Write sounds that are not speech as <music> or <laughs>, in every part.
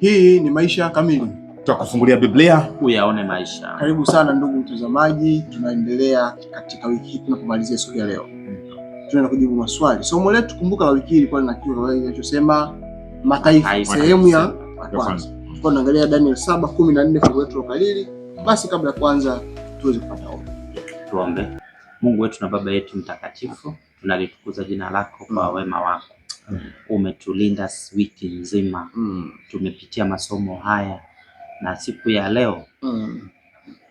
Hii ni Maisha Kamili, tutakufungulia Biblia uyaone maisha. Karibu sana ndugu mtazamaji, tunaendelea katika wiki hii tunapomalizia siku ya leo tunaenda kujibu maswali. Somo letu kumbuka la wiki hii lilikuwa lina kichwa kinachosema mataifa, sehemu ya kwanza. Tulikuwa tunaangalia Daniel 7:14 kumi na nne fungu letu la kalili. Basi kabla ya kwanza tuweze kupata ombi. Tuombe. Mungu wetu na Baba yetu mtakatifu, tunalitukuza jina lako kwa mm. wema wako mm. Umetulinda wiki nzima mm. Tumepitia masomo haya na siku ya leo mm.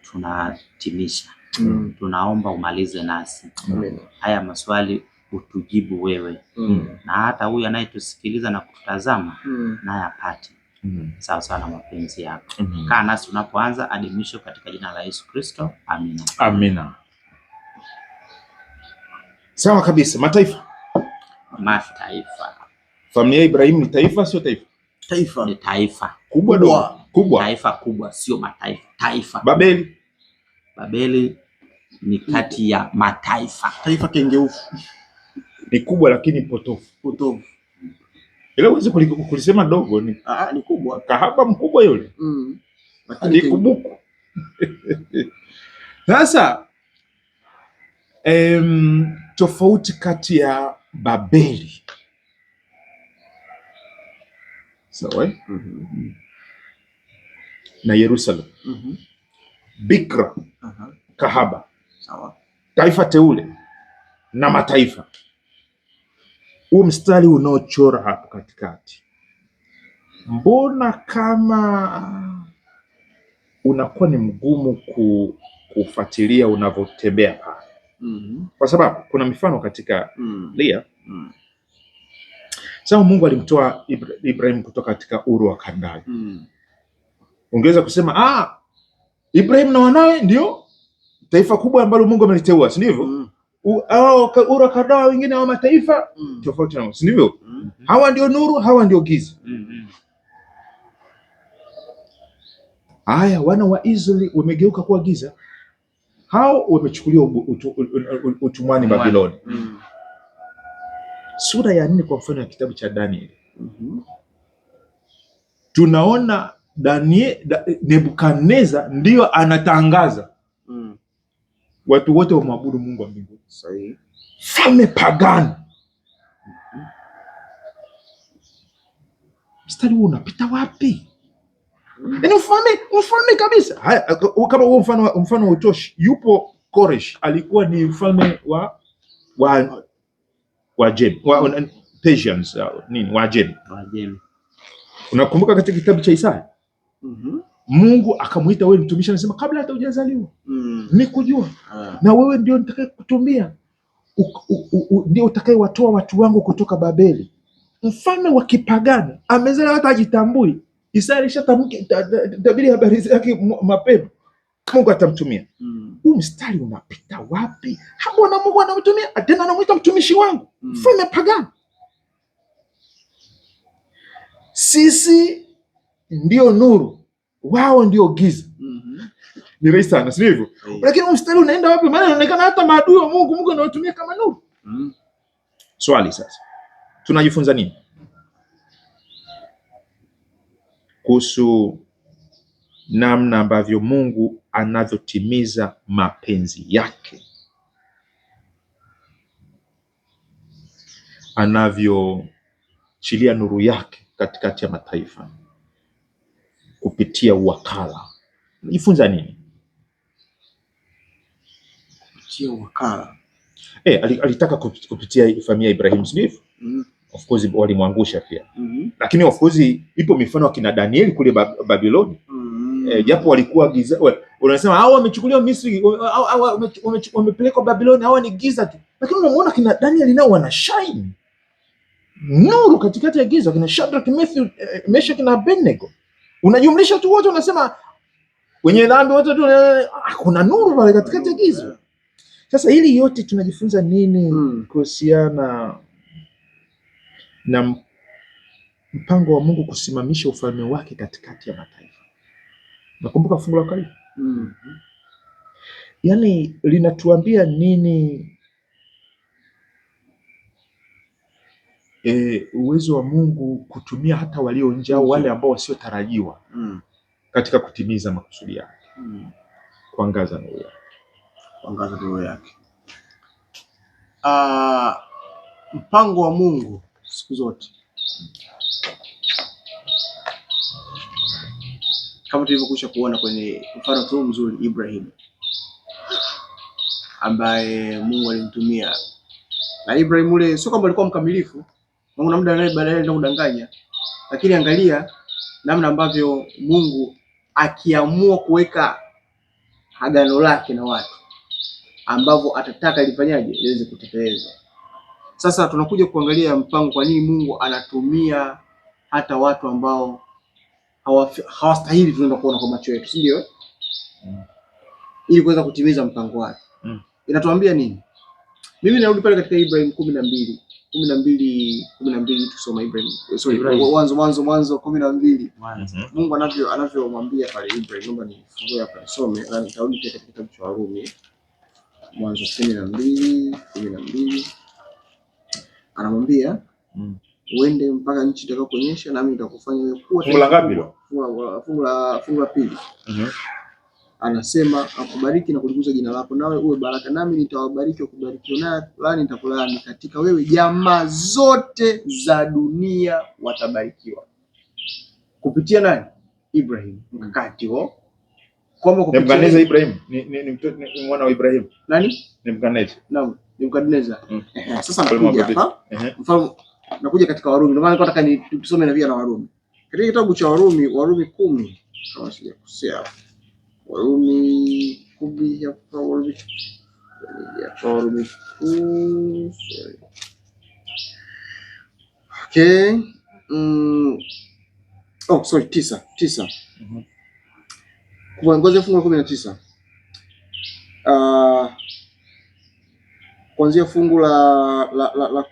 tunatimisha mm. Tunaomba umalize nasi mm. haya maswali utujibu wewe mm. mm. na hata huyu anayetusikiliza na kututazama mm. naye apate mm. sawa sawa na mapenzi yako mm. Kaa nasi tunapoanza hadi mwisho katika jina la Yesu Kristo, amina, amina. Sawa kabisa mataifa taifa. Familia Ibrahim ni taifa, sio taifa? Taifa ni taifa kubwa, dogo kubwa, taifa kubwa, sio mataifa. Taifa Babeli, Babeli ni kati ya mataifa, taifa kengeufu ni kubwa lakini potofu, potofu. Ila uweze kulisema dogo ni, ah, ah, ni kubwa. Kahaba mkubwa yule mm. Lakini kubuku. <laughs> sasa em, tofauti kati ya Babeli. Sawa, mm -hmm. na yerusalem mm -hmm. bikra uh -huh. kahaba sawa. taifa teule na mataifa. Huu mstari unaochora hapo katikati, mbona kama unakuwa ni mgumu kufuatilia unavyotembea pale -hmm. kwa sababu kuna mifano katika mm. Mm-hmm. Lia mm. Mm-hmm. Sasa Mungu alimtoa Ibrahim kutoka katika uru wa Kandai mm. ungeweza kusema ah, Ibrahim na wanawe ndio taifa kubwa ambalo Mungu ameliteua, si ndivyo? mm. uru wa Kandai wengine wa mataifa mm. tofauti nao, si ndivyo? mm -hmm. hawa ndio nuru, hawa ndio giza mm -hmm. Haya, wana wa Israeli wamegeuka kuwa giza hao wamechukuliwa utumwani Babiloni. Mm. Sura ya nne kwa mfano ya kitabu cha Danieli mhm. tunaona Daniel, da, Nebukadneza ndiyo anatangaza mm. watu wote wamwabudu Mungu wa mbinguni. Sahihi. Falme pagani mhm. mstari mm -hmm. huu unapita wapi? Yaani mfalme, mfalme kabisa. Haya, kama huo mfano mfano utoshi, yupo Koresh alikuwa ni mfalme wa wa wa Jem, wa, Persians, uh, nini wa Jem. Wa Jem. Unakumbuka katika kitabu cha Isaya? Mm -hmm. Mungu akamuita wewe mtumishi, anasema kabla hata hujazaliwa mm. kujua. ah. na wewe ndio nitakaye kutumia, ndio utakayewatoa watu wangu kutoka Babeli. Mfalme wa kipagani amezaliwa hata ajitambui Isaya alishatamka tabiri habari zake mapema, Mungu atamtumia. Mm. Huu mstari unapita wapi? Hamwona Mungu anamtumia tena, anamwita mtumishi wangu, mm. mfalme pagani. Sisi ndio nuru, wao ndio giza. Mm-hmm. Ni rahisi sana, hivyo? mm. Lakini mstari unaenda wapi? Maana inaonekana hata maadui wa Mungu Mungu anawatumia kama nuru. Mm. Swali sasa, tunajifunza nini? kuhusu namna ambavyo Mungu anavyotimiza mapenzi yake, anavyochilia nuru yake katikati ya mataifa kupitia uwakala. ifunza nini kupitia uwakala? E, alitaka kupitia familia ya Ibrahimu, sivyo? mm of course walimwangusha pia mm -hmm. Lakini of course ipo mifano akina Danieli kule Babiloni mm -hmm. E, japo walikuwa giza, unasema hao wamechukuliwa Misri, au wamepelekwa Babiloni, hao ni giza tu, lakini unamuona kina Danieli nao wana shine nuru katikati ya giza, kina Shadrach, eh, Meshach na Abednego. Unajumlisha tu wote, unasema wenye dhambi wote tu, eh, kuna nuru pale katikati ya giza. Mm-hmm. Sasa hili yote tunajifunza nini mm. kuhusiana na mpango wa Mungu kusimamisha ufalme wake katikati ya mataifa. Nakumbuka fungu la kale mm -hmm. Yaani linatuambia nini? E, uwezo wa Mungu kutumia hata walio nje au mm-hmm. wale ambao wasiotarajiwa mm. katika kutimiza makusudi yake mm. kuangaza nuru yake, kuangaza nuru yake. Uh, mpango wa Mungu siku zote kama tulivyokwisha kuona kwenye mfano tu mzuri Ibrahim ambaye Mungu alimtumia. Na Ibrahim ule sio kwamba alikuwa mkamilifu, Mungu na muda naye baadaye ndio kudanganya, lakini angalia namna ambavyo Mungu akiamua kuweka agano lake na watu ambavyo atataka lifanyaje liweze kutekelezwa. Sasa tunakuja kuangalia mpango, kwa nini Mungu anatumia hata watu ambao hawastahili, tunaenda kuona kwa macho yetu, si ndio? Mm. ili kuweza kutimiza mpango wake. Mm. inatuambia nini? Mimi narudi pale katika Ibrahim kumi na mbili kumi na mbili kumi na mbili tusoma Ibrahim, sorry, mwanzo mwanzo mwanzo kumi na mbili Mungu anavyo anavyomwambia pale Ibrahim, naomba nifungue hapa nisome, na nitarudi katika kitabu cha Warumi mwanzo kumi na mbili kumi na mbili anamwambia mm. uende mpaka nchi itakayokuonyesha nami nitakufanya wewe kuwa. Fungu la ngapi hilo? Fungu la pili. mm-hmm. Anasema akubariki na kulikuza jina lako, nawe uwe baraka, nami nitawabariki wakubarikiwa, na lani nitakulaani, katika wewe jamaa zote za dunia watabarikiwa. Kupitia nani? Ibrahim. Mkakati huo kwamba kupitia Ibrahim ni mwana wa Ibrahim nani? Nebukadneza. Naam. Nebukadneza. Mm. Sasa nakuja hapa. Mfano nakuja katika Warumi. Ndio maana nataka nitusome na pia na Warumi. Katika kitabu cha Warumi, Warumi kumi kama sijakosea. Warumi kumi ya Warumi. Ya Warumi kumi. Okay. Mm. Oh, sorry, tisa, tisa. Mm-hmm. Mhm. ngoja fungu la 19. Ah, uh, kuanzia fungu la la, la, la,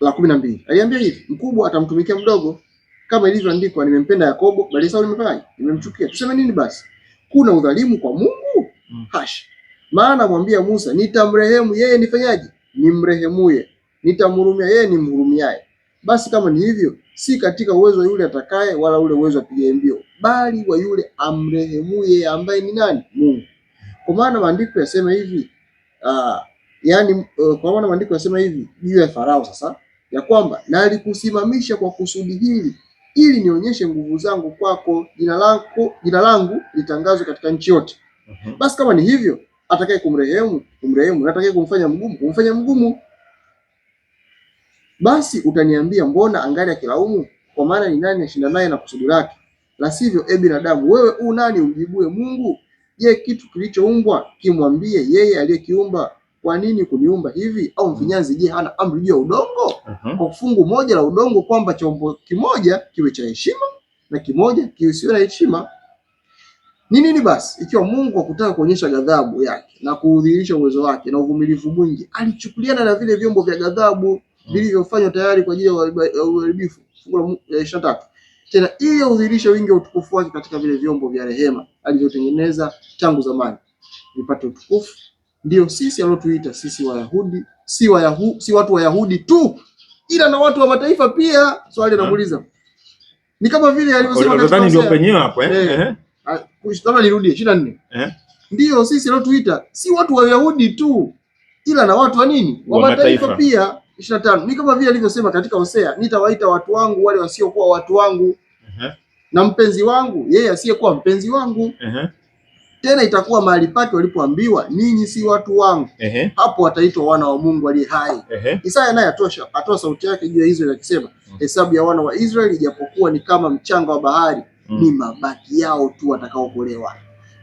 la kumi na mbili aliambia hivi, mkubwa atamtumikia mdogo kama ilivyoandikwa, nimempenda Yakobo bali Esau nimefanya Nimemchukia. Tuseme nini basi? Kuna udhalimu kwa Mungu? Mm. hash Maana mwambia Musa, nitamrehemu yeye nifanyaje? Nimrehemuye, nitamhurumia yeye nimhurumiaye. Basi kama ni hivyo, si katika uwezo wa yule atakaye, wala ule uwezo wa apigaye mbio, bali wa yule amrehemuye, ambaye ni nani? Mungu. Kwa maana maandiko yasema hivi uh, yani uh, eh, kwa maana maandiko yanasema hivi juu ya Farao sasa ya kwamba na kwa kusudi hili ili nionyeshe nguvu zangu kwako, jina langu jina langu litangazwe katika nchi yote. mm -hmm. Basi kama ni hivyo, atakaye kumrehemu kumrehemu, na atakaye kumfanya mgumu kumfanya mgumu. Basi utaniambia mbona angali akilaumu? Kwa maana ni nani ashinda na kusudi lake? La sivyo, e binadamu, wewe u nani umjibue Mungu? Je, kitu kilichoumbwa kimwambie yeye aliyekiumba? kwa nini kuniumba hivi? Au mfinyanzi je, hana amri juu ya udongo? uh -huh. Kwa fungu moja la udongo, kwamba chombo kimoja kiwe cha heshima na kimoja kisiwe na heshima. Ni nini basi ikiwa Mungu hakutaka kuonyesha ghadhabu yake na kuudhihirisha uwezo wake na uvumilivu mwingi, alichukuliana na vile vyombo vya ghadhabu hmm. vilivyofanywa tayari kwa ajili ya uharibifu? Fungu la ishirini na tatu tena, ili audhihirishe wingi wa utukufu wake katika vile vyombo vya rehema alivyotengeneza tangu zamani, vipate utukufu ndio sisi aliotuita sisi Wayahudi si Wayahu, si watu Wayahudi tu ila na watu wa mataifa pia. Swali anamuuliza ni kama vile alivyosema nadhani ndio penyewe hapo eh, eh. eh. Ah, labda nirudie ishirini eh, ndio sisi aliotuita si watu Wayahudi tu ila na watu wa nini wa mataifa pia. 25 ni kama vile alivyosema katika Hosea, nitawaita watu wangu wale wasiokuwa watu wangu, uh -huh. na mpenzi wangu yeye asiyekuwa mpenzi wangu uh -huh tena itakuwa mahali pake walipoambiwa ninyi si watu wangu. Ehe. Hapo wataitwa wana wa Mungu aliye hai. Isaya naye atosha atoa sauti yake juu ya Israeli akisema, mm. hesabu ya wana wa Israeli ijapokuwa ni kama mchanga wa bahari, mm. ni mabaki yao tu watakaokolewa,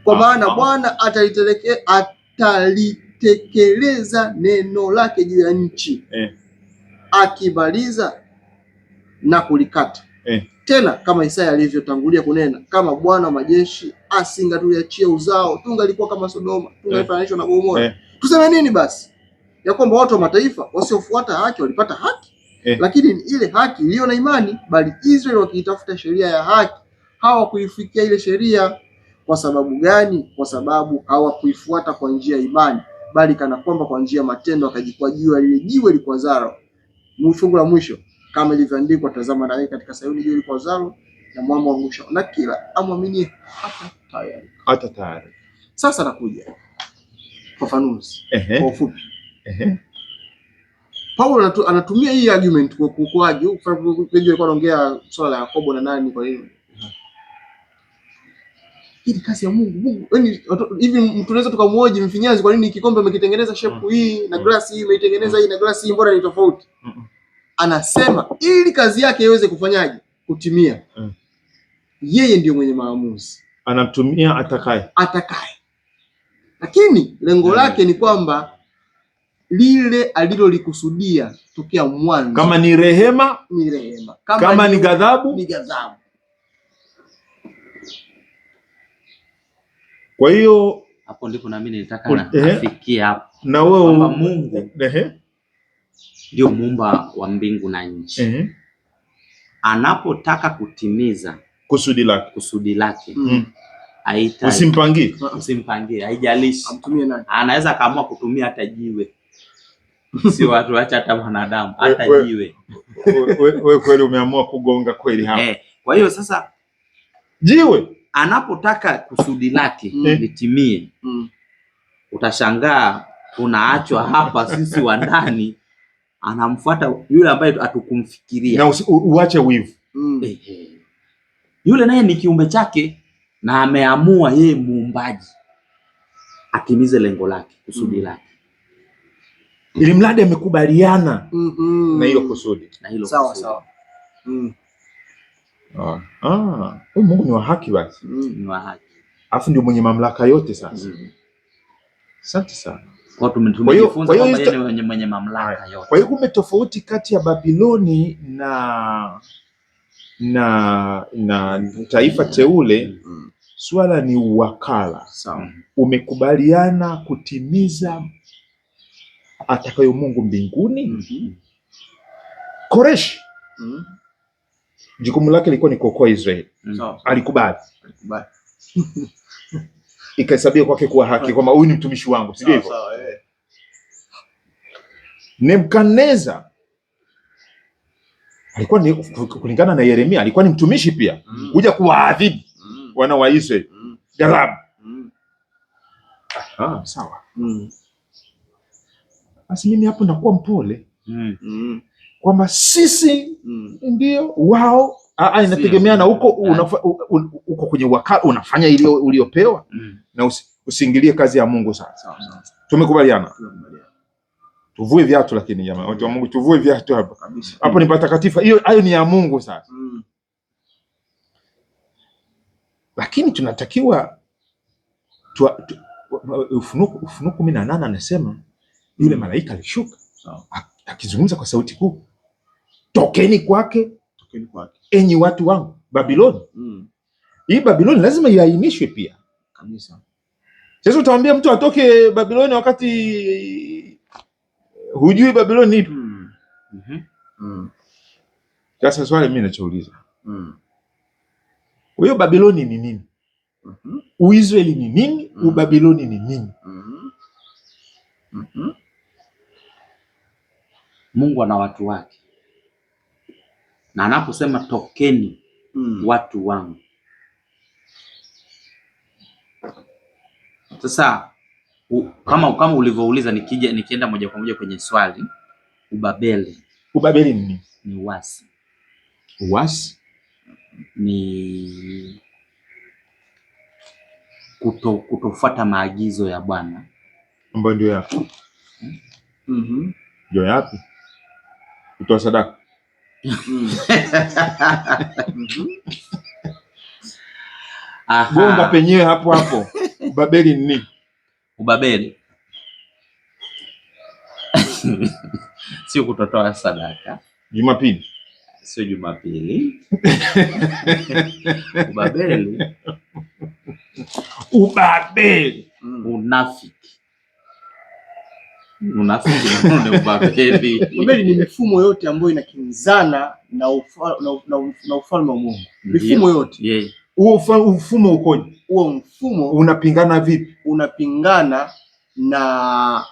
kwa ah, maana ah. Bwana ataliteleke atalitekeleza neno lake juu ya nchi eh. akimaliza na kulikata eh. Tena kama Isaya alivyotangulia kunena, kama Bwana wa majeshi asingatuliachia uzao, tungalikuwa kama Sodoma, tungefananishwa na Gomora. Eh. eh. Tuseme nini basi? Ya kwamba watu wa mataifa wasiofuata haki walipata haki, eh, lakini ile haki iliyo na imani, bali Israel wakiitafuta sheria ya haki hawakuifikia ile sheria. Kwa sababu gani? Kwa sababu hawakuifuata kwa njia ya imani, bali kana kwamba kwa njia ya matendo, akajikwajua jiwe lile, jiwe lilikuwa zara. Fungu la mwisho kama ilivyoandikwa, tazama na nawe katika Sayuni juu kwa uzao na mwamba mwisho, na kila amwamini hata tayari hata tayari. Sasa nakuja fafanuzi kwa ufupi. Paulo anatumia hii argument kwa kukuaje? Wengi walikuwa wanaongea swala la Yakobo na nani, kwa hiyo hii ni kazi ya Mungu. Mungu yani, hivi mtu anaweza tukamwoji mfinyanzi, kwa nini kikombe amekitengeneza shape mm. hii na glasi hii ameitengeneza hii na glasi hii, mbona ni tofauti? mm -mm anasema ili kazi yake iweze kufanyaje kutimia, mm. yeye ndiyo mwenye maamuzi, anamtumia atakaye atakaye, lakini lengo mm. lake ni kwamba lile alilolikusudia tokea mwanzo, kama ni rehema ni rehema, kama, kama ni ghadhabu ni ghadhabu. Kwa hiyo hapo ndipo na mimi nilitaka nafikia hapo, na wewe Mungu ehe ndio muumba wa mbingu na nchi mm -hmm. Anapotaka kutimiza kusudi lake kusudi lake mm -hmm. usimpangie usimpangie, haijalishi anaweza akaamua kutumia hata jiwe <laughs> si watu acha hata wanadamu hata jiwe. Wewe kweli umeamua kugonga kweli hapa eh. Kwa hiyo sasa jiwe anapotaka kusudi lake mm. Eh. litimie mm. utashangaa unaachwa hapa sisi wa ndani anamfuata yule ambaye atukumfikiria na uache wivu mm. Yule naye ni kiumbe chake na ameamua yeye muumbaji atimize lengo lake kusudi mm. lake ili mradi amekubaliana mm -mm. na hilo kusudi na hilo sawa sawa. mm. ah. ah. Mungu ni wa haki basi, mm. ni wa haki, alafu ndio mwenye mamlaka yote sasa. Mm. Asante mm. sana mwenye mamlaka yote. Kwa hiyo kumbe tofauti kati ya Babiloni na na na taifa mm. teule mm. Swala ni uwakala Sawa. Umekubaliana kutimiza atakayo Mungu mbinguni mm -hmm. Koreshi mm. Jukumu lake lilikuwa ni kuokoa Israeli Alikubali, alikubali. <laughs> ikahesabiwa kwake kuwa haki, kwamba huyu ni mtumishi wangu, si ndivyo? Eh. Nebukadneza alikuwa ni kulingana na Yeremia, alikuwa ni mtumishi pia, mm. kuja kuwaadhibu mm. wana wa Israeli mm. ghadhabu. sawa. Basi mimi hapo nakuwa mpole kwamba sisi ndio wao Ah, ah inategemea na huko eh. uko kwenye wakati unafanya ile uliopewa mm. na usi, usiingilie kazi ya Mungu sawa. Tumekubaliana. Tuvue viatu lakini jamaa, watu wa Mungu tuvue viatu hapa. Hapo ni patakatifu. Hiyo hayo ni ya Mungu sasa. Mm. Lakini tunatakiwa Ufunuo Ufunuo kumi na nane anasema yule malaika alishuka akizungumza kwa sauti kuu, tokeni kwake enyi watu wangu Babiloni. Mm. Hii Babiloni lazima iainishwe pia kabisa. Sasa utaambia mtu atoke Babiloni wakati eh, hujui Babiloni ipi? Mm. Mm -hmm. Mm. Sasa swali mimi nachouliza mm. huyo, mm. Babiloni ni nini? mm -hmm. Uisraeli ni nini? mm. Ubabiloni ni nini? mm -hmm. Mungu ana watu wake na anaposema tokeni mm. watu wangu. Sasa u, kama, kama ulivyouliza, nikija nikienda moja kwa moja kwenye swali, ubabeli ubabeli ni ni uasi. Uasi ni kuto kutofuata maagizo ya Bwana ambayo ndio yapi? mm -hmm. ndio yapi? kutoa sadaka Gonga penyewe hapo hapo. Ubabeli ni nini? Ubabeli sio kutotoa sadaka Jumapili, sio Jumapili. Ubabeli, ubabeli, mm. Unafiki Unafiki na ubabeli. Ubabeli ni mifumo yote ambayo inakinzana na ufalme wa Mungu, mifumo yote. Huo mfumo ukoje? Huo mfumo unapingana vipi? Unapingana na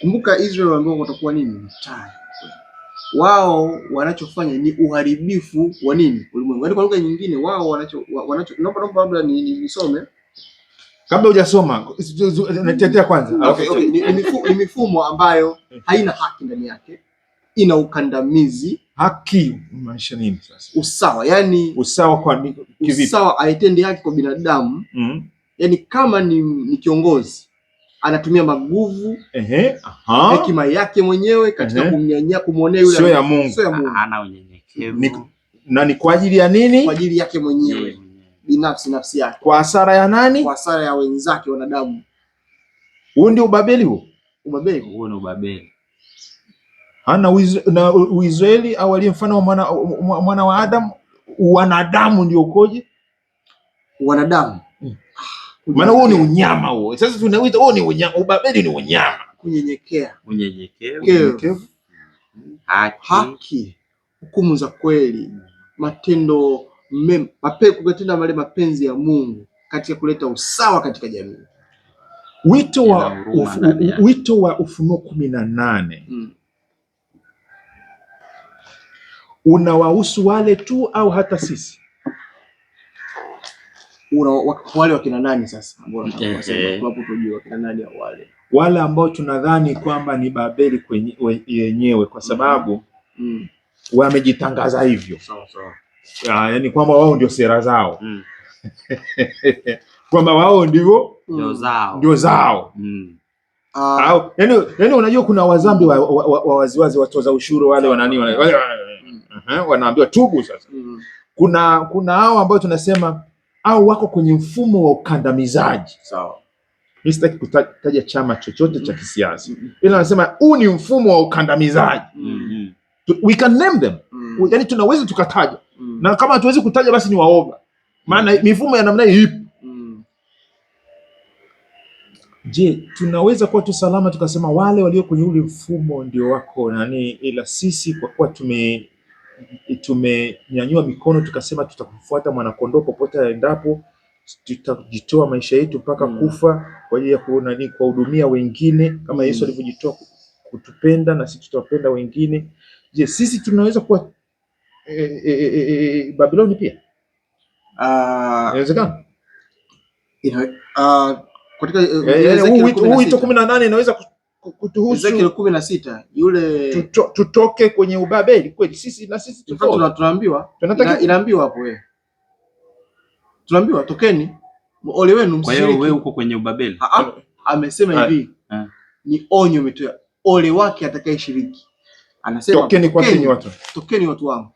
kumbuka, Israeli ambao watakuwa nini mtani wao wanachofanya ni uharibifu wa nini ulimwengu. Yaani kwa lugha nyingine wao wanacho wanacho, naomba naomba labda nisome kabla hujasoma natetea kwanza. Mm. Okay, okay. Ni, ni mifumo ambayo haina haki ndani yake, ina ukandamizi. Haki maisha nini sasa? Usawa, yani usawa kwa kivipi? Usawa aitendi haki kwa binadamu mm -hmm. Yani kama ni, ni kiongozi anatumia maguvu ehe aha hekima yake mwenyewe katika kumnyanyia, kumwonea yule, sio ya Mungu, sio ya Mungu, ana unyenyekevu na ni kwa ajili ya nini? Kwa ajili yake mwenyewe mm -hmm binafsi nafsi yake kwa hasara ya nani? Kwa hasara ya wenzake wanadamu. Huo ndio ubabeli huo. Ubabeli huo ni ubabeli. Ana Uisraeli au aliye mfano wa mwana, mwana wa Adamu, wanadamu ndio ukoje? Wanadamu. Hmm. Ah, Maana huo ni unyama huo. Sasa tunaita huo ni unyama, ubabeli ni unyama. Kunyenyekea. kunyenyekea, Haki. Haki. Hukumu za kweli. Hmm. Matendo kutenda male mapenzi ya Mungu katika kuleta usawa katika jamii. Wito wa, uf, wito wa Ufunuo kumi na nane mm. unawahusu wale tu au hata sisi? Una, wale wakina nani sasa? Eh, eh. Wale ambao tunadhani kwamba ni Babeli yenyewe kwa sababu mm. wamejitangaza hivyo sawa, sawa. Ah, yani kwamba wao ndio sera zao mm. <laughs> kwamba wao ndio mm. ndio zao mm. Ah. unajua kuna wazambi wa, wa, wa, wa waziwazi watoza ushuru wale wanani wale, wale, mm. wanaambiwa tubu sasa mm. kuna kuna hao ambao tunasema au wako kwenye mfumo wa ukandamizaji sawa. Mimi sitaki kutaja chama chochote cha mm. kisiasa, mm. ila nasema huu ni mfumo wa ukandamizaji mm -hmm. We can name them mm. Yani tunaweza tukataja mm. na kama hatuwezi kutaja basi ni waoga, maana mm. mifumo ya namna hii ipo mm. Je, tunaweza kuwa tu salama tukasema wale walio kwenye ule mfumo ndio wako nani, ila sisi kwa kuwa tume tumenyanyua mikono tukasema tutakufuata mwanakondoo popote aendapo, tutajitoa maisha yetu mpaka mm. kufa kwa ajili ya kuwahudumia wengine kama Yesu mm. alivyojitoa kutupenda na sisi tutawapenda wengine. Je, sisi tunaweza kuwa e, eh, e, eh, e, eh, Babiloni pia ah. inawezekana ah, huu wito kumi na nane inaweza kutuhusu kumi na sita yule tuto, tutoke kwenye ubabeli kweli sisi na sisi tunaambiwa tunataka inaambiwa hapo wewe tunaambiwa tokeni ole wenu msiri Kwa hiyo wewe uko kwenye ubabeli. Ha, amesema hivi ni onyo mitoa ole wake atakayeshiriki, anasema tokeni, kwa watu tokeni watu wangu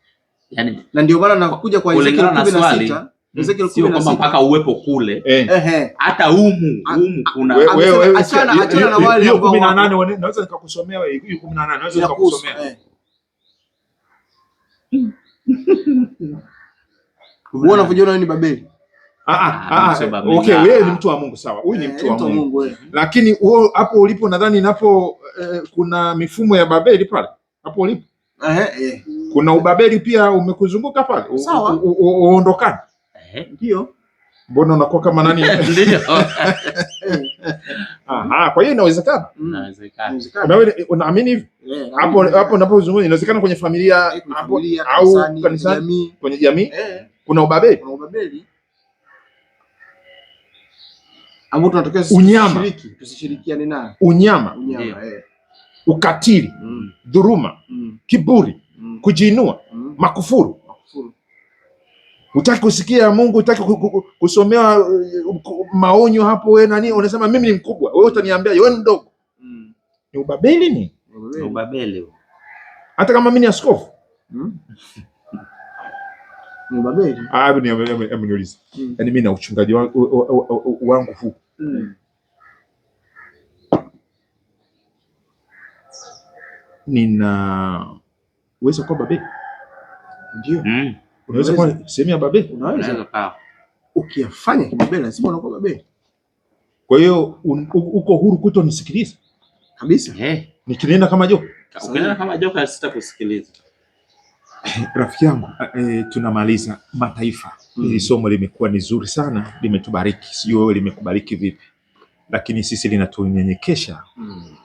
yani, na ndio maana nakuja kwa Ezekiel kumi na sita mm, sio kwamba mpaka uwepo kule eh. hata humu humu kuna achana na wale ambao kumi na nane naweza nikakusomea hiyo kumi na nane naweza nikakusomea eh. uona <laughs> kujiona ni Babeli. Ah, ah, ah, ah Okay, wewe ni mtu wa Mungu sawa, huyu ni eh, mtu wa Mungu, lakini wewe hapo ulipo nadhani napo kuna mifumo ya Babeli pale hapo ulipo kuna ubaberi pia umekuzunguka pale, uondokane. Eh? Ndio mbona unakuwa kama nani? <laughs> Ndio <laughs> aha, kwa hiyo inawezekana, mm. inawezekana. Unaamini hivi eh, hapo hapo unapozungumza, inawezekana kwenye familia eh, au kanisani, kwenye jamii kuna ubaberi kuna ubabeli ambao tunatokea unyama, tusishirikiane naye, unyama, unyama ukatili, mm. dhuruma mm. kiburi Mm. kujiinua mm. makufuru, Utaki kusikia Mungu, utaki kusomewa uh, maonyo hapo, We nani, unasema mimi ni mkubwa, wewe utaniambia wewe ni mdogo mm. ni ubabeli, ni ubabeli, hata kama mimi ni askofu mm. ni ubabeli. Ah, ni niulize, mm. yaani mimi na uchungaji wangu huu mm. nina uweze kuwa babe. Ndio. Mm. Unaweza kuwa sehemu ya babe, unaweza pao. Ukiyafanya kibabe lazima unakuwa babe. Kwa hiyo uko huru kuto kutonisikiliza kabisa. Eh. Nikinena kama joka. Ukinena kama joka sitakusikiliza. Eh, rafiki yangu eh, tunamaliza mataifa. Hmm. Hili mm. somo limekuwa ni zuri sana, limetubariki. Sijui wewe limekubariki vipi, lakini sisi linatunyenyekesha mm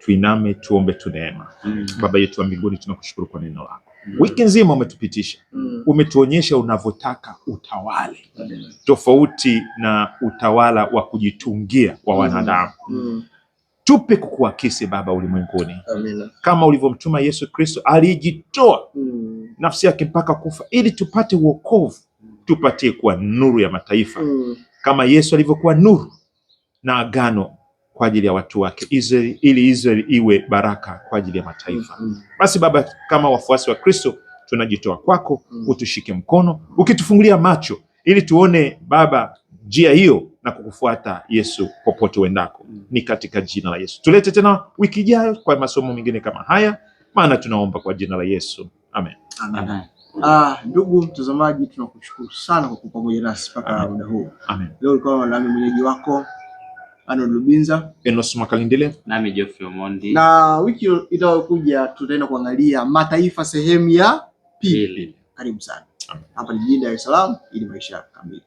tuiname tuombe tuneema mm. Baba yetu wa mbinguni, tunakushukuru kwa neno lako. mm. Wiki nzima umetupitisha, mm. umetuonyesha unavyotaka utawale, mm. tofauti na utawala wa kujitungia wa mm. wanadamu. mm. mm. Tupe kukuakisi Baba ulimwenguni, kama ulivyomtuma Yesu Kristo alijitoa, mm. nafsi yake mpaka kufa ili tupate wokovu, mm. tupatie kuwa nuru ya mataifa, mm. kama Yesu alivyokuwa nuru na agano kwa ajili ya watu wake Israeli, ili Israeli iwe baraka kwa ajili ya mataifa. Mm-hmm. Basi Baba, kama wafuasi wa Kristo tunajitoa kwako, mm-hmm. utushike mkono, ukitufungulia macho ili tuone Baba njia hiyo na kukufuata Yesu popote uendako, mm-hmm. ni katika jina la Yesu. Tulete tena wiki ijayo kwa masomo mengine kama haya, maana tunaomba kwa jina la Yesu, amen, amen. amen. Ah, ndugu mtazamaji, tunakushukuru sana kwa kuwa pamoja nasi mpaka muda huu. Leo ulikuwa nami mwenyeji wako Arnold Lubinza, Enos Makalindile nami Geoffrey Omondi, na wiki itayokuja tutaenda kuangalia mataifa sehemu ya pili. Karibu sana hapa ni jijini Dar es Salaam ili maisha kamili